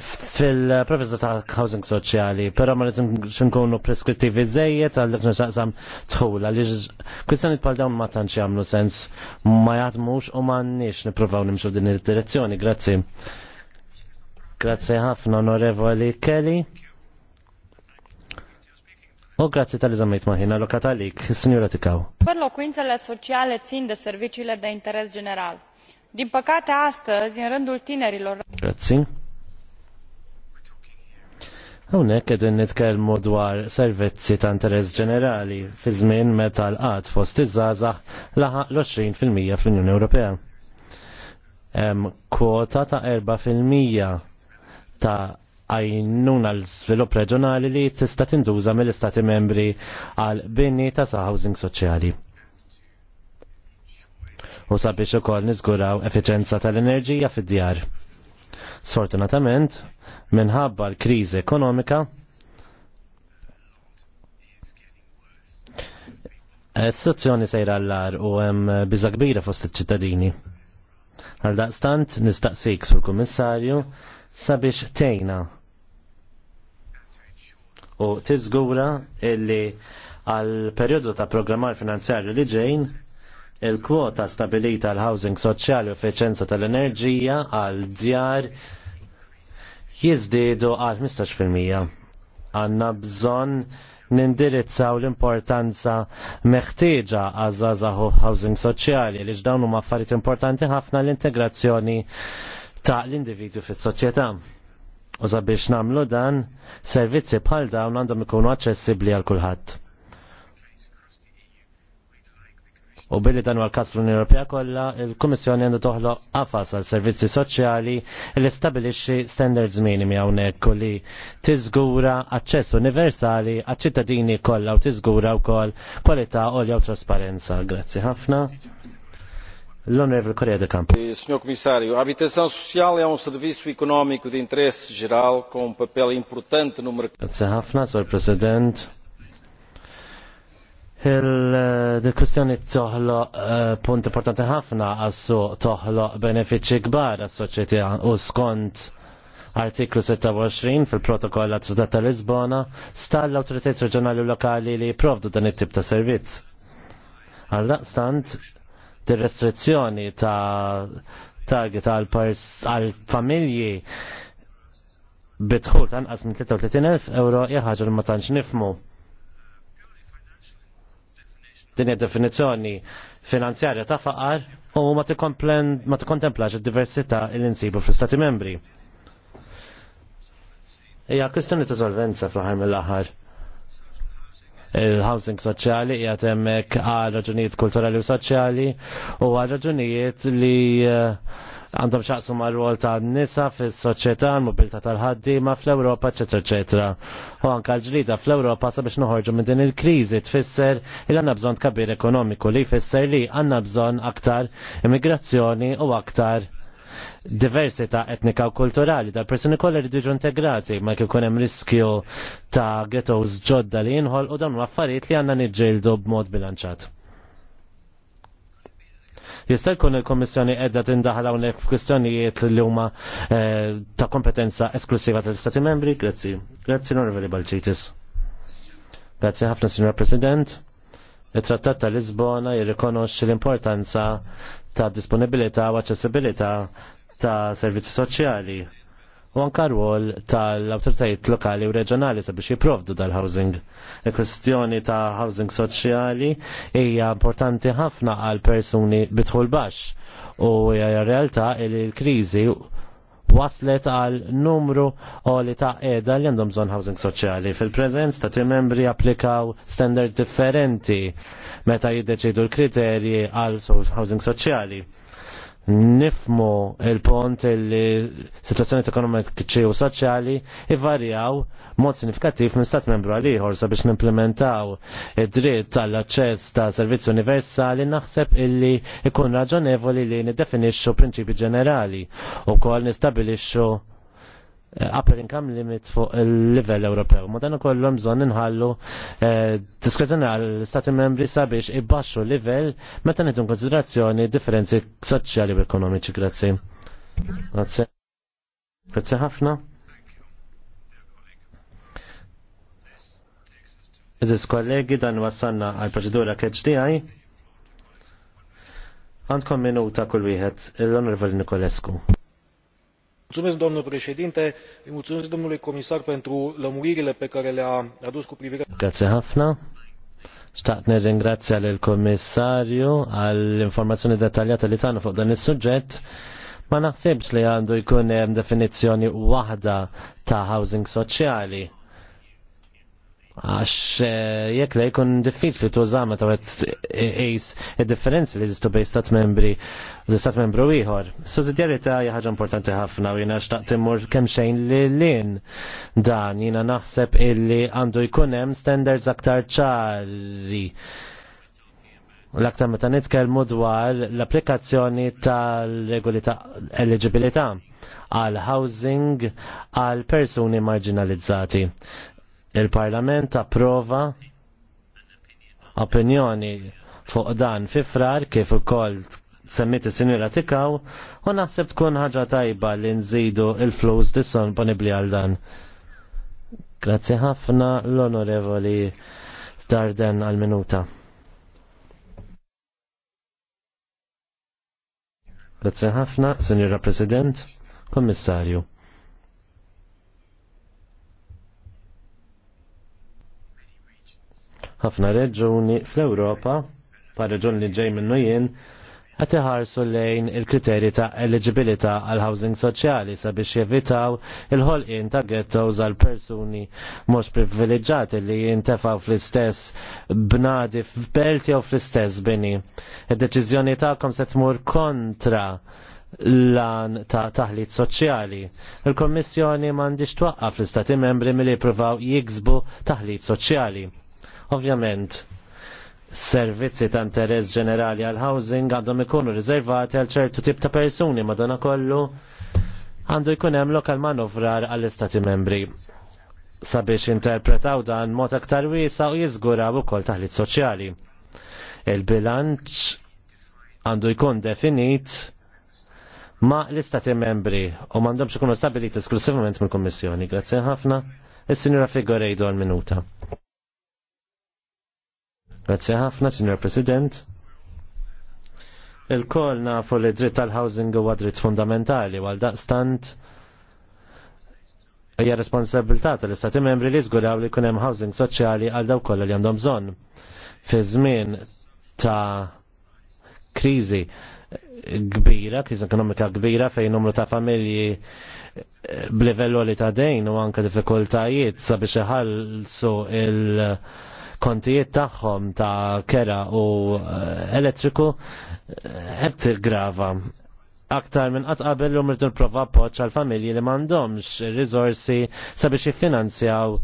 fil professor ta' housing soċjali, però ma rridx nkunu preskrittivi żejjed għal dak nixaqsam tħul għaliex kwistjoni pal dawn ma tantx jagħmlu sens ma jaħdmux u m'għandniex nippruvaw nimxu din id-direzzjoni. Grazzi. Grazzi ħafna onorevoli Kelly. U grazzi tal żammejt maħin, allokat għalik, signora Tikaw. Perlocuințele sociale tzin de servicile da interes general. Din păcate, astăzi, în rândul tinerilor... Grazzi. Hawnhekk qegħdin nitkellmu dwar servizzi ta' interess ġenerali fi żmien meta l-qatt fost iż-żgħażagħ laħaq l-20 fil-mija fl-Unjoni Ewropea. Hemm kwota ta' 4 fil-mija ta' għajnuna l-svilup reġjonali li tista' tinduża mill-istati membri għal bini ta' housing soċjali. U sabiex ukoll niżguraw effiċenza tal-enerġija fid-djar. Sfortunatament, minħabba l-kriżi ekonomika, Is-sozzjoni sejra l-lar u hemm biża kbira fost iċ-ċittadini. Għal daqstant nistaqsik sur kummissarju sabiex tejna u tiżgura illi għal periodu ta' programmar finanzjarju li ġejn il-kwota stabilita l housing soċjali u feċenza tal-enerġija għal djar jizdidu għal 15%. Għanna bżon nindirizzaw l-importanza meħtieġa għazazahu housing soċjali li ġdawnu huma affarijiet importanti ħafna l-integrazzjoni ta' l-individu fis-soċjetà. U sabiex namlu dan, servizzi bħal dawn għandhom ikunu aċċessibbli għal kulħadd. U billi dan għal kas l-Unjoni Ewropea kollha, il-Kummissjoni għandha toħloq qafas għal servizzi soċjali li stabilixxi standards minimi hawnhekk u li tiżgura aċċess universali għaċ-ċittadini kollha u tiżgura wkoll kwalità għolja u trasparenza. Grazzi ħafna. L-Onorevole Correa de Campo. Eh, senhor Comissário, a habitação social é um serviço económico de interesse geral com um papel importante no mercado. Ħafna, President. Il-kustjoni eh, toħlo eh, punt importanti ħafna għassu toħlo benefiċi gbar għas soċieti u skont artiklu 26 fil-protokoll għat Trattat ta' Lisbona stall l-autoritet reġjonali u lokali li jiprovdu dan it-tip ta' servizz. Għal daqstant, dir-restrizzjoni ta' target għal familji bitħul nqas minn 33.000 euro jħagġa li ma tantx nifmu. Din id definizzjoni finanzjarja ta' faqar u ma tikkontemplax id-diversità li nsibu fl-Stati membri. Ija kwistjoni ta' solvenza fl ħar mill-aħħar il-housing soċjali qiegħed hemmhekk għal raġunijiet kulturali u soċjali u għal raġunijiet li eh, għandhom xaqsu ma' rol ta' nisa fis soċjetà l-mobilta tal ħaddiema fl-Ewropa, eċetera, eċetera. U anka l-ġlida fl-Ewropa sabiex noħorġu minn din il-kriżi tfisser il għandna bżonn kabir ekonomiku li jfisser li għandna bżonn aktar immigrazzjoni u aktar diversità etnika u kulturali tal persuni kollha li diġu integrati ma kif hemm riskju ta' ghettos ġodda li jinħol u dawn affarijiet li għandna niġġieldu b'mod bilanċat. Jista' jkun il-Kommissjoni qiegħda tindaħal hawnhekk f'kwistjonijiet li huma eh, ta' kompetenza esklusiva tal-Stati Membri? Grazzi. Grazzi Norveli Balċitis. Grazzi ħafna, Signor President. Il-Trattat tal Lisbona jirrikonoxxi l-importanza ta' disponibilità u aċċessibilità ta' servizzi soċjali u anka rwol tal-autoritajiet lokali u reġjonali sabiex jipprovdu dal-housing. Il-kwestjoni ta' housing soċjali hija importanti ħafna għal persuni bitħul baxx u hija realtà li l-kriżi waslet għal numru li ta' edha li għandhom bżon housing soċjali. Fil-prezenz ta' membri applikaw standards differenti meta jiddeċidu l-kriterji għal housing soċjali nifmu il-pont li situazzjoni ekonomiċi u soċjali ivarjaw mod sinifikattiv minn stat membru għal ieħor sabiex nimplementaw id-dritt tal-aċċess ta' servizzi universali naħseb illi ikun raġonevoli li niddefinixxu prinċipi ġenerali u kol nistabilixxu Eh, upper income limit fuq il-level Ewropew. Ma dan ukoll bżonn inħallu eh, diskrezzjoni għall-Stati membri sabiex ibbaxxu livell meta nieħdu konsiderazzjoni differenzi soċjali u ekonomiċi. Grazzi. Grazzi. Grazie ħafna. Eżis kollegi dan wassanna għal proċedura KHDI. Għandkom minuta kull wieħed, l-Onorevoli Nikolescu îi mulțumesc domnului comisar pentru pe care le Grazie ħafna. Staqt nirringrazzja lil kommissarju għall informazzjoni dettaljata li tagħna fuq dan is-suġġett. Ma naħsibx li għandu jkun hemm definizzjoni waħda ta' housing soċjali Għax eh, jekk le jkun diffiċli tuża meta għet qis id-differenzi li zistu bejn stat membri u stat membru ieħor. Sussidjarjetà hija ħaġa importanti ħafna u jiena xtaqt immur kemm xejn li lin dan jina naħseb illi għandu jkun hemm standards aktar ċari l-aktar meta nitkellmu dwar l-applikazzjoni tal-regoli ta' eligibilità għal housing għal persuni marginalizzati. Il-Parlament approva opinjoni fuq dan fi frar kif ukoll semmit is-sinjura tikaw u naħseb tkun ħaġa tajba li nżidu il-flus disponibbli għal dan. Grazzi ħafna l-onorevoli Darden għal minuta. Grazzi ħafna, Sinjura President, Kommissarju. ħafna reġuni fl-Ewropa, pa' reġun li ġej minnu jien, qed iħarsu lejn il-kriterji ta' eligibilità għal housing soċjali sabiex jevitaw il-ħolqien ta' ghettos għal persuni mhux privileġġati li jintefgħu fl-istess bnadi f'belt jew fl-istess bini. Id-deċiżjoni tagħkom se tmur kontra lan ta' taħlit soċjali. Il-Kommissjoni m'għandix twaqqaf fl istati membri milli jippruvaw jiksbu taħlit soċjali. Ovvjament, servizzi ta' interess ġenerali għal housing għandhom ikunu riservati għal ċertu tip ta' persuni madonna kollu għandu jkun hemm lokal manovrar għall istati membri sabiex interpretaw dan mod aktar wiesa u jiżguraw ukoll taħlit soċjali. Il-bilanċ għandu jkun definit ma l-istati membri u m'għandhomx ikunu stabiliti esklusivament mill-Kummissjoni. Grazie ħafna. Is-Sinjura Figurejdu għal-minuta. Grazie ħafna, Signor President. Il-kol nafu li dritt tal-housing huwa dritt fundamentali għal daqstant hija responsabilità tal-Istati membri li żguraw li jkun hemm housing soċjali għal dawk kollha li għandhom bżonn. Fi żmien ta' kriżi kbira, kriżi ekonomika kbira fejn numru ta' familji eh, b'livello li ta' dejn u anke diffikultajiet sabiex iħallsu il- kontijiet tagħhom ta' kera u eh, elettriku qed eh, grava. Aktar minn qatt qabel u rridu nipprova appoġġ għal familji li m'għandhomx risorsi sabiex jiffinanzjaw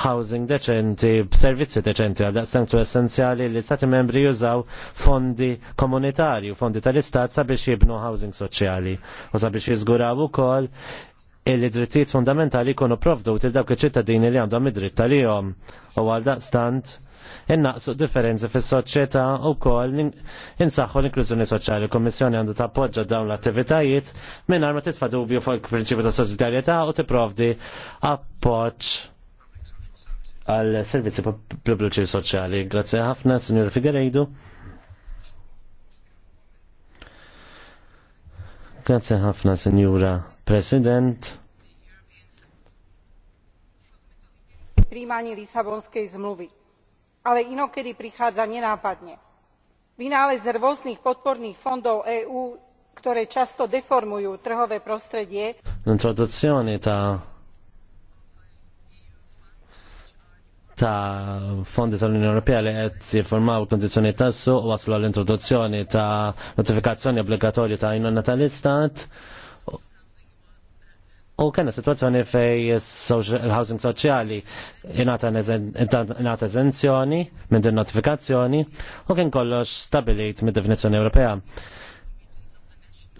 housing deċenti, b'servizzi deċenti għal daqstantu essenzjali li stati membri jużaw fondi komunitarju, fondi tal-istat sabiex jibnu housing soċjali u sabiex jizguraw u kol il-drittijiet fundamentali jkunu provdu til dawk iċ-ċittadini li għandhom id-dritt tal-jom u għal daqstant innaqsu differenzi fis soċjetà u kol insaħħu l-inklużjoni soċjali. Il-Kommissjoni għandha tappoġġa dawn l-attivitajiet mingħajr ma titfa' dubju fuq il-prinċipju ta' sussidjarjetà u tipprovdi appoġġ għal servizzi pubbliċi soċjali. Grazzi ħafna, Signor Figueiredo. Grazzi ħafna, Signora President. Príjmanie Lisabonskej zmluvy. Ale inokedy prichádza nenápadne. Vynález rôznych podporných fondov EÚ, ktoré často deformujú trhové prostredie. L'introduzzjoni ta' ta' fondi tal-Unjoni Ewropea li qed jiffurmaw kondizzjoni tassu waslu l-introduzzjoni ta' notifikazzjoni obbligatorju ta' jnuna tal-Istat U kena situazzjoni fej il-housing soċjali inata eżenzjoni minn din notifikazzjoni u kien kollox stabilit mid definizzjoni Ewropea.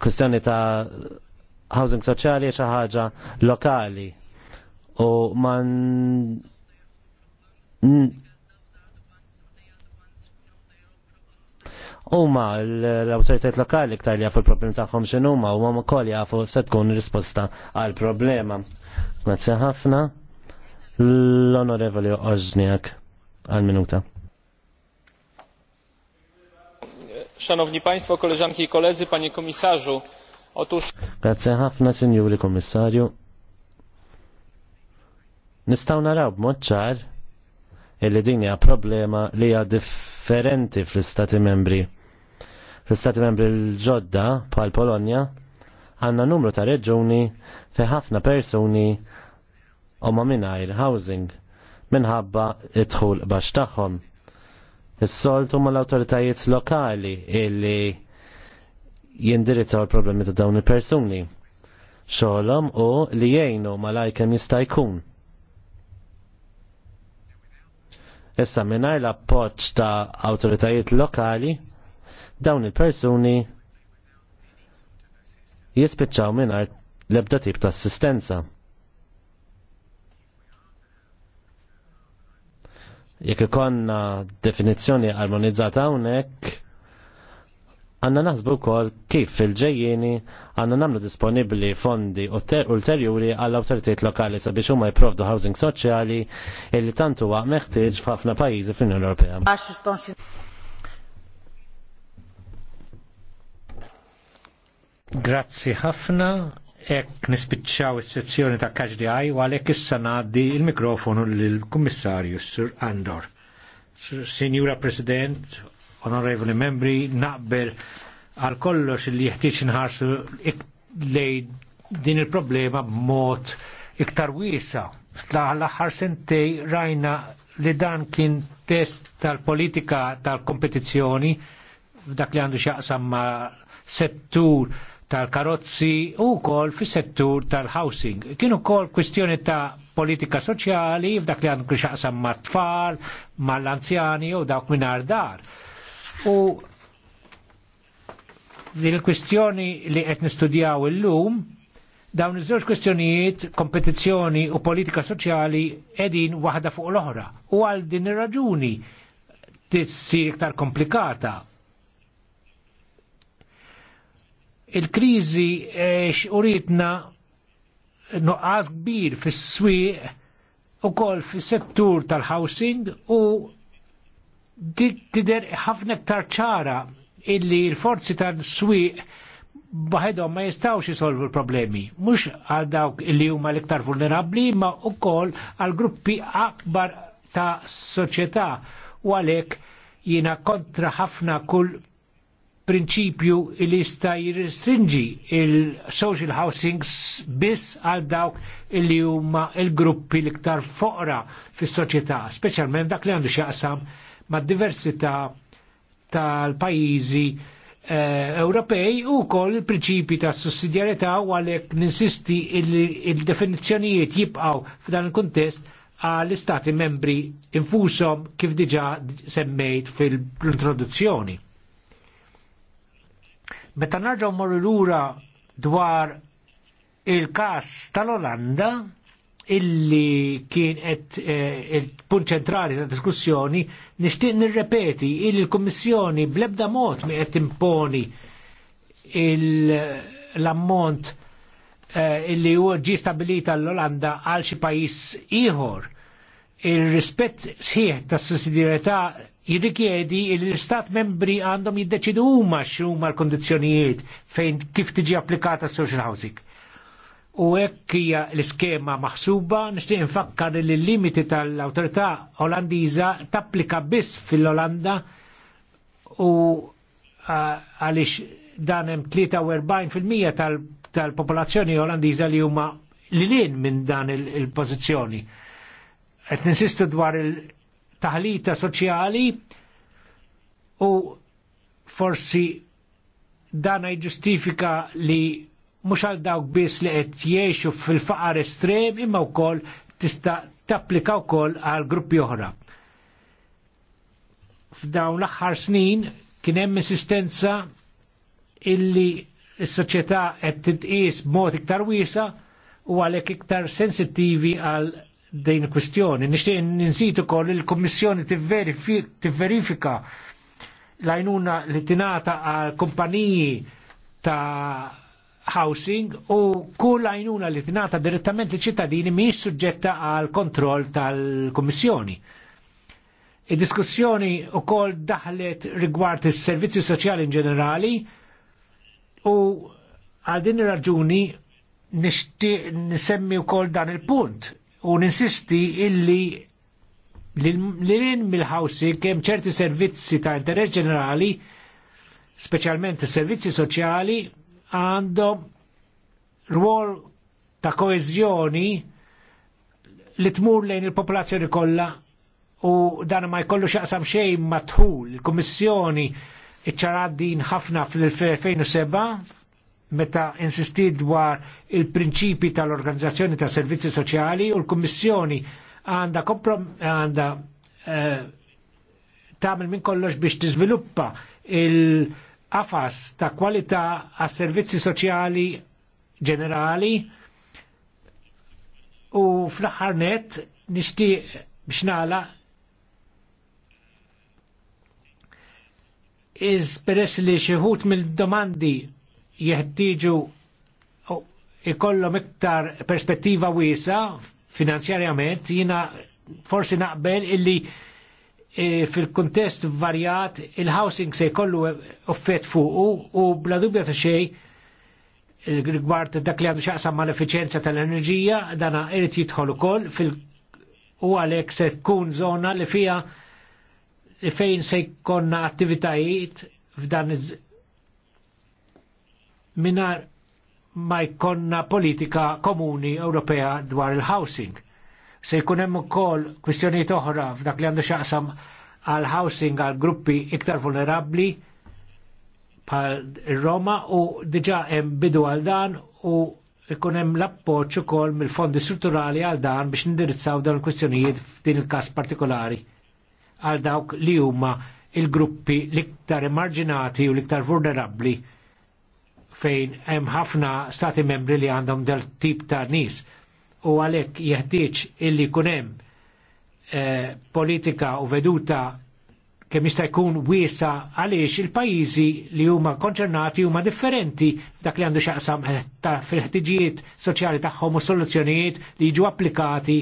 Kustjoni ta' housing soċjali xi ħaġa lokali u man huma l-awtoritajiet lokali iktar li jafu l-problem tagħhom x'inhuma u huma wkoll jafu se tkun risposta għal problema. Grazzi ħafna l-onorevoli Ożniak għal minuta. Szanowni Państwo, koleżanki i koledzy, panie komisarzu, otóż... Grazie ħafna, signori komisarju. Nistaw naraw b'mod ċar illi din hija problema li hija differenti fl-istati membri fil stati Membri l-ġodda pal Polonja għandna numru ta' reġuni fe ħafna persuni huma mingħajr housing minħabba idħul dħul baxx tagħhom. is soltu huma l-awtoritajiet lokali illi jindirizzaw il-problemi ta' dawn il-persuni. Xogħolhom u li jgħinu ma kemm jista' jkun. Issa mingħajr l-appoġġ ta' awtoritajiet lokali dawn il-persuni jispiċċaw mingħajr l-ebda tip ta' assistenza. Jekk ikonna definizzjoni armonizzata hawnhekk, għanna naħsbu kol kif fil-ġejjeni għanna namlu disponibli fondi ulterjuri għall awtoritiet lokali sabiex huma jiprovdu housing soċjali illi tantu huwa meħtieġ f'ħafna pajjiżi fl-Unjoni Ewropea. Grazzi ħafna, ek nispiċċaw is-sezzjoni ta' KHDI u għalek issa ngħaddi il-mikrofonu l kummissarju Sir Andor. Sinjura President, onorevoli membri, naqbel għal kollox li jeħtieġ inħarsu lej din il-problema b'mod iktar wiesa. L-aħħar sentej rajna li dan kien test tal-politika tal-kompetizzjoni f'dak li għandu xaqsam ma' settur tal-karozzi u kol fis settur tal-housing. Kienu kol kwistjoni ta' politika soċjali f'dak li għandu xaqsam ma' tfal, ma' l-anzjani u dawk minar dar. U din il-kwistjoni li qed nistudjaw illum dawn iż-żewġ kwistjonijiet, kompetizzjoni u politika soċjali edin waħda fuq l-oħra. U għal din ir-raġuni tissir iktar komplikata il-krizi e, xuritna nuqqas kbir fis swieq u kol fis settur tal-housing u dik tider ħafna ktar ċara illi l-forzi tal-swieq baħedhom ma jistawx jisolvu l-problemi. Mux għal dawk li huma l-iktar vulnerabli, ma u kol għal gruppi akbar ta' soċjetà u għalek jina kontra ħafna kull prinċipju li jista' jirrestringi il-social housing biss għal dawk li huma il-gruppi l-iktar foqra fis-soċjetà, speċjalment dak li għandu x'jaqsam mad-diversità tal-pajjiżi eh, Ewropej u kol il-prinċipi ta' sussidjarjetà u għalhekk ninsisti il-definizzjonijiet jibqgħu f'dan il-kuntest għall istati membri infushom kif diġà semmejt fil-introduzzjoni. Meta narġaw morru lura dwar il-kas tal-Olanda, illi kien eh, il-punt ċentrali ta' diskussjoni, nixtieq nirrepeti illi l-Kummissjoni blebda ebda mod mi qed imponi l-ammont eh, illi huwa ġi stabilita l-Olanda għal xi pajjiż ieħor. Ir-rispett sħiħ tas sussidjarjetà jirrikjedi il l-istat membri għandhom jiddeċidu huma x'huma l-kondizzjonijiet fejn kif tiġi applikata social housing. U hekk hija l-iskema maħsuba nixtieq infakkar li l-limiti tal-awtorità Olandiża tapplika biss fil-Olanda u għaliex dan hemm 43% tal-popolazzjoni Olandiża li huma lilin minn dan il-pożizzjoni. Qed insistu dwar il- taħlita soċjali u forsi dana jġustifika li mhux għal dawk biss li qed jgħixu fil-faqar estrem imma wkoll tista' tapplika wkoll għal gruppi oħra. F'dawn l-aħħar snin kien hemm insistenza illi s-soċjetà qed titqies b'mod iktar wiesa' u għalek iktar sensittivi għal din il-kwistjoni. Nixtieq ninsit ukoll il-Kummissjoni tivverifika l-għajnuna li tingħata għal kumpaniji ta' housing u kull għajnuna li tingħata direttament li ċittadini mhijiex suġġetta għal kontroll tal-Kummissjoni. Id-diskussjoni wkoll daħlet rigward is-servizzi soċjali in ġenerali u għal din raġuni nixtieq nisemmi wkoll dan il-punt u ninsisti illi l in mill-ħawsi kem ċerti servizzi ta' interess ġenerali, specialment servizzi soċjali, għandhom rwol ta' koezjoni li tmur lejn il-popolazzjoni kollha u dan ma jkollu xaqsam xejn matħul. Il-Kummissjoni iċċaraddin ħafna fl-2007 meta insistit dwar il-prinċipi tal-Organizzazzjoni ta' Servizzi Soċjali u l-Kummissjoni għandha għandha eh, tagħmel minn kollox biex tiżviluppa il-qafas ta' kwalità għas servizzi soċjali ġenerali u fl-aħħar net nixtieq biex nala iż peress li xieħut mill-domandi jeħtieġu ikollhom iktar perspettiva wiesa finanzjarjament jiena forsi naqbel illi e, fil-kontest varjat il-housing se jkollu uffet fuqu u bla dubja ta' xej rigward dak li għandu xaqsam mal efficienza tal-enerġija dana irrit jidħol ukoll fil- u għalhekk se tkun zona li fija li fejn se jkollna attivitajiet f'dan iż minar ma jkonna politika komuni Ewropea dwar il-housing. Se jkun hemm ukoll kwistjonijiet oħra f'dak li għandu xaqsam għal housing għal gruppi iktar vulnerabbli bħal Roma u diġà hemm bidu għal dan u jkun hemm l-appoġġ ukoll mill-fondi strutturali għal dan biex nindirizzaw dawn il-kwistjonijiet f'din il-każ partikolari għal dawk li huma il-gruppi l-iktar emarġinati u l-iktar vulnerabbli fejn hemm ħafna stati membri li għandhom dal tip ta' nis u għalhekk jeħtieġ illi jkun hemm eh, politika u veduta kemm jista' jkun wiesa għaliex il-pajjiżi li huma konċernati huma differenti f'dak li għandu xaqsam ta' fil-ħtiġijiet soċjali tagħhom u soluzzjonijiet li jiġu applikati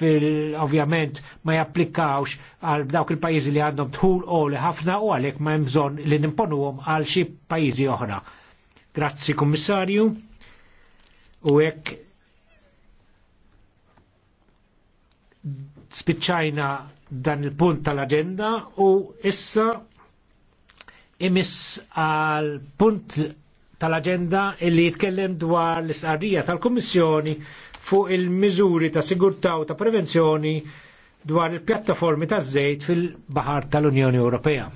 fil-ovvjament ma japplikawx għal dawk il-pajjiżi li għandhom tħul u li ħafna u għalhekk ma hemm bżonn li nimponuhom għal xi pajjiżi oħra. Grazzi Kommissarju. U hekk spiċċajna dan il-punt tal-agenda u issa imis għal punt tal-agenda illi jitkellem dwar l-istqarrija tal-Kommissjoni fuq il-miżuri ta' sigurtà u ta' prevenzjoni dwar il-pjattaformi ta' żejt fil-Bahar tal-Unjoni Ewropea.